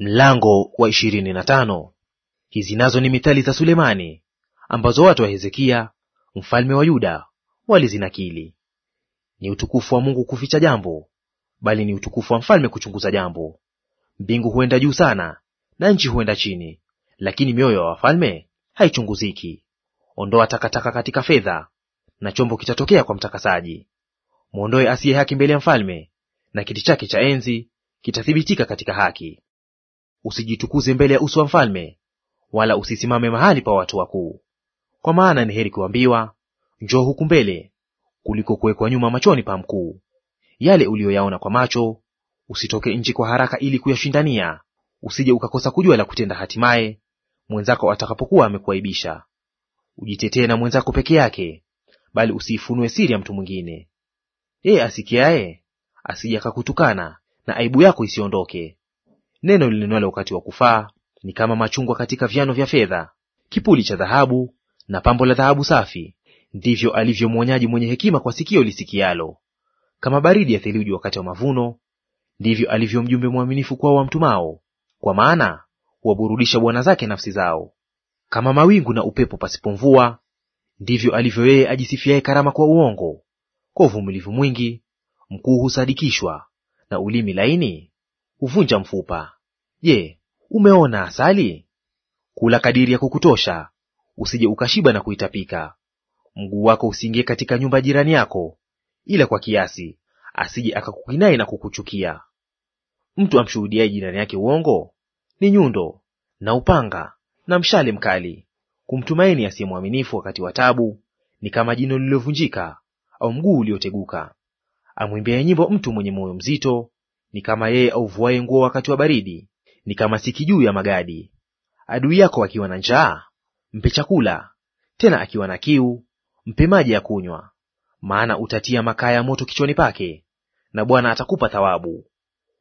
Mlango wa ishirini na tano. Hizi nazo ni mithali za Sulemani ambazo watu wa Hezekia mfalme wa Yuda walizinakili. Ni utukufu wa Mungu kuficha jambo, bali ni utukufu wa mfalme kuchunguza jambo. Mbingu huenda juu sana na nchi huenda chini, lakini mioyo ya wa wafalme haichunguziki. Ondoa takataka katika fedha, na chombo kitatokea kwa mtakasaji. Mwondoe asiye haki mbele ya mfalme, na kiti chake cha enzi kitathibitika katika haki usijitukuze mbele ya uso wa mfalme, wala usisimame mahali pa watu wakuu. Kwa maana ni heri kuambiwa njoo huku mbele, kuliko kuwekwa nyuma machoni pa mkuu. Yale uliyoyaona kwa macho, usitoke nji kwa haraka ili kuyashindania, usije ukakosa kujua la kutenda, hatimaye mwenzako atakapokuwa amekuaibisha. Ujitetee na mwenzako peke yake, bali usiifunue siri ya mtu mwingine. Yeye asikiaye asije akakutukana, na aibu yako isiondoke. Neno linenwalo wakati wa kufaa ni kama machungwa katika vyano vya fedha, kipuli cha dhahabu na pambo la dhahabu safi, ndivyo alivyo mwonyaji mwenye hekima kwa sikio lisikialo. Kama baridi ya theluji wakati wa mavuno, ndivyo alivyo mjumbe mwaminifu kwao wamtumao, kwa maana huwaburudisha bwana zake nafsi zao. Kama mawingu na upepo pasipo mvua, ndivyo alivyo yeye ajisifiaye karama kwa uongo. Kwa uvumilivu mwingi mkuu husadikishwa, na ulimi laini huvunja mfupa. Je, umeona asali? Kula kadiri ya kukutosha, usije ukashiba na kuitapika. Mguu wako usiingie katika nyumba jirani yako, ila kwa kiasi, asije akakukinai na kukuchukia. Mtu amshuhudiaye jirani yake uongo ni nyundo na upanga na mshale mkali. Kumtumaini asiye mwaminifu wakati wa tabu ni kama jino lililovunjika au mguu ulioteguka. Amwimbiaye nyimbo mtu mwenye moyo mzito ni kama yeye auvuaye nguo wakati wa baridi, ni kama siki juu ya magadi. Adui yako akiwa na njaa, mpe chakula; tena akiwa na kiu, mpe maji ya kunywa. Maana utatia makaa ya moto kichwani pake, na Bwana atakupa thawabu.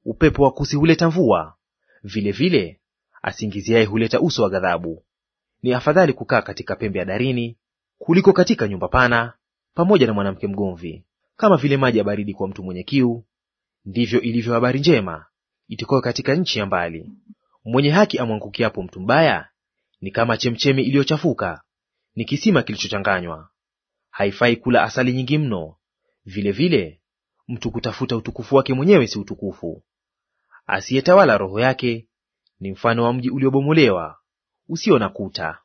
Upepo wa kusi huleta mvua, vile vile asingiziaye huleta uso wa ghadhabu. Ni afadhali kukaa katika pembe ya darini kuliko katika nyumba pana pamoja na mwanamke mgomvi. Kama vile maji ya baridi kwa mtu mwenye kiu, Ndivyo ilivyo habari njema itokayo katika nchi ya mbali. Mwenye haki amwangukiapo mtu mbaya, ni kama chemchemi iliyochafuka, ni kisima kilichochanganywa. Haifai kula asali nyingi mno, vilevile vile, mtu kutafuta utukufu wake mwenyewe si utukufu. Asiyetawala roho yake ni mfano wa mji uliobomolewa usio na kuta.